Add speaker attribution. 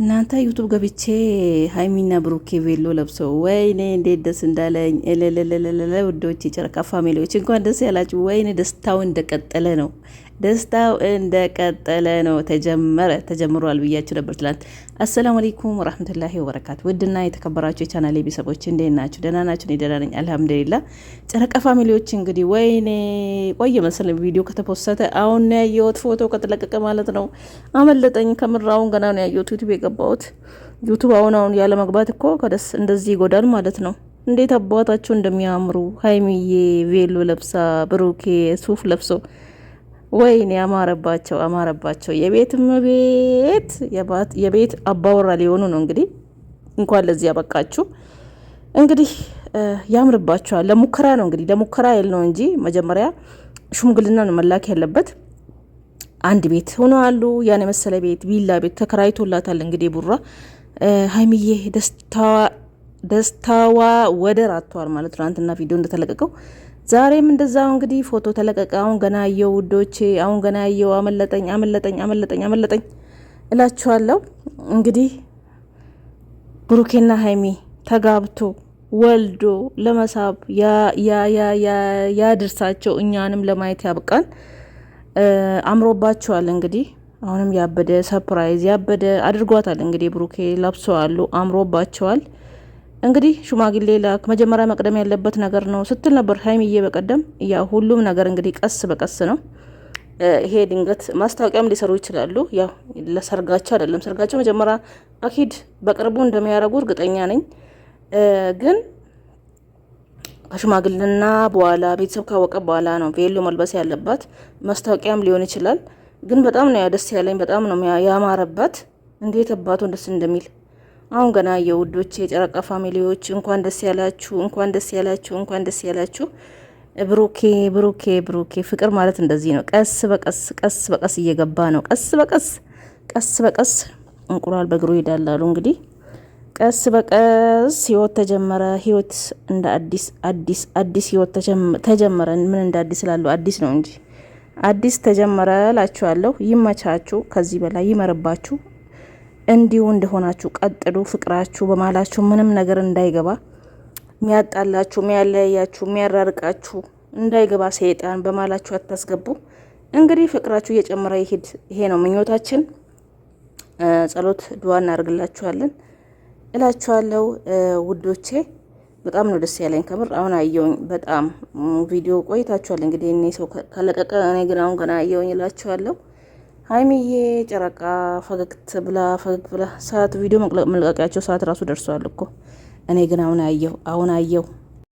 Speaker 1: እናንተ ዩቱብ ገብቼ ሀይሚና ብሩኬ ቬሎ ለብሰው ወይኔ እንዴት ደስ እንዳለኝ እልልልልል ውዶች፣ የጨረቃ ፋሚሊዎች እንኳን ደስ ያላችሁ። ወይኔ ደስታው እንደቀጠለ ነው። ደስታው እንደቀጠለ ነው። ተጀመረ ተጀምሯል ብያችሁ ነበር ትላንት። አሰላሙ አለይኩም ወራህመቱላሂ ወበረካቱ። ውድና የተከበራችሁ የቻናሌ ቤተሰቦች እንዴት ናችሁ? ደህና ናችሁ? እኔ ደህና ነኝ ጨረቃ ፋሚሊዎች እንግዲህ ወይኔ ቆየ መሰለኝ ቪዲዮ ከተፖሰተ አሁን ነው ያየሁት፣ ፎቶ ከተለቀቀ ማለት ነው። አመለጠኝ ከምራውን ገና ነው ያየሁት ዩቱብ የገባሁት። ዩቱብ። አሁን አሁን ያለ መግባት እኮ ከደስ እንደዚህ ይጎዳል ማለት ነው። እንዴት አባታቸው እንደሚያምሩ ሀይሚዬ ቬሎ ለብሳ ብሩኬ ሱፍ ለብሶ ወይኔ አማረባቸው አማረባቸው። የቤት እመቤት የቤት አባወራ ሊሆኑ ነው እንግዲህ። እንኳን ለዚህ ያበቃችሁ። እንግዲህ ያምርባቸዋል። ለሙከራ ነው እንግዲህ ለሙከራ ያል ነው እንጂ መጀመሪያ ሽምግልና ነው መላክ ያለበት። አንድ ቤት ሆነው አሉ። ያን የመሰለ ቤት ቪላ ቤት ተከራይቶላታል። እንግዲህ ቡራ ሀይሚዬ ደስታዋ ወደር አጥቷል ማለት ነው። አንትና ቪዲዮ እንደተለቀቀው ዛሬም እንደዛው እንግዲህ ፎቶ ተለቀቀ። አሁን ገና የው ውዶቼ፣ አሁን ገና የው አመለጠኝ አመለጠኝ አመለጠኝ አመለጠኝ እላችኋለሁ። እንግዲህ ብሩኬና ሀይሚ ተጋብቶ ወልዶ ለመሳብ ያድርሳቸው፣ እኛንም ለማየት ያብቃን። አምሮባቸዋል እንግዲህ አሁንም ያበደ ሰርፕራይዝ ያበደ አድርጓታል። እንግዲህ ብሩኬ ለብሰዋሉ፣ አምሮባቸዋል። እንግዲህ ሽማግሌ ላክ፣ መጀመሪያ መቅደም ያለበት ነገር ነው ስትል ነበር ሀይሚዬ በቀደም። ያ ሁሉም ነገር እንግዲህ ቀስ በቀስ ነው። ይሄ ድንገት ማስታወቂያም ሊሰሩ ይችላሉ። ያው ለሰርጋቸው አይደለም፣ ሰርጋቸው መጀመሪያ አኪድ በቅርቡ እንደሚያደርጉ እርግጠኛ ነኝ። ግን ከሽማግሌና በኋላ ቤተሰብ ካወቀ በኋላ ነው ቬሎ መልበስ ያለባት። ማስታወቂያም ሊሆን ይችላል። ግን በጣም ነው ያደስ ያለኝ፣ በጣም ነው ያማረባት። እንዴት አባቱ ደስ እንደሚል አሁን ገና የውዶች የጨረቃ ፋሚሊዎች እንኳን ደስ ያላችሁ፣ እንኳን ደስ ያላችሁ፣ እንኳን ደስ ያላችሁ። ብሩኬ ብሩኬ ብሩኬ ፍቅር ማለት እንደዚህ ነው። ቀስ በቀስ ቀስ በቀስ እየገባ ነው። ቀስ በቀስ ቀስ በቀስ እንቁላል በእግሩ ይዳላሉ። እንግዲህ ቀስ በቀስ ህይወት ተጀመረ። ህይወት እንደ አዲስ አዲስ አዲስ ህይወት ተጀመረ። ምን እንደ አዲስ ላለው አዲስ ነው እንጂ አዲስ ተጀመረ ላችኋለሁ። ይመቻችሁ። ከዚህ በላይ ይመርባችሁ። እንዲሁ እንደሆናችሁ ቀጥሉ። ፍቅራችሁ በማላችሁ ምንም ነገር እንዳይገባ ሚያጣላችሁ፣ ሚያለያያችሁ፣ ሚያራርቃችሁ እንዳይገባ ሰይጣን በማላችሁ አታስገቡ። እንግዲህ ፍቅራችሁ እየጨመረ ይሄድ። ይሄ ነው ምኞታችን። ጸሎት ድዋ እናደርግላችኋለን እላችኋለሁ ውዶቼ። በጣም ነው ደስ ያለኝ ከምር። አሁን አየውኝ በጣም ቪዲዮ ቆይታችኋል እንግዲህ እኔ ሰው ከለቀቀ እኔ ግን አሁን ገና አየውኝ እላችኋለሁ። ሀይሚዬ ጨረቃ ፈገግት ብላ ፈገግ ብላ ሰዓት ቪዲዮ መልቀቂያቸው ሰዓት ራሱ ደርሷል እኮ። እኔ ግን አሁን አየሁ አሁን አየሁ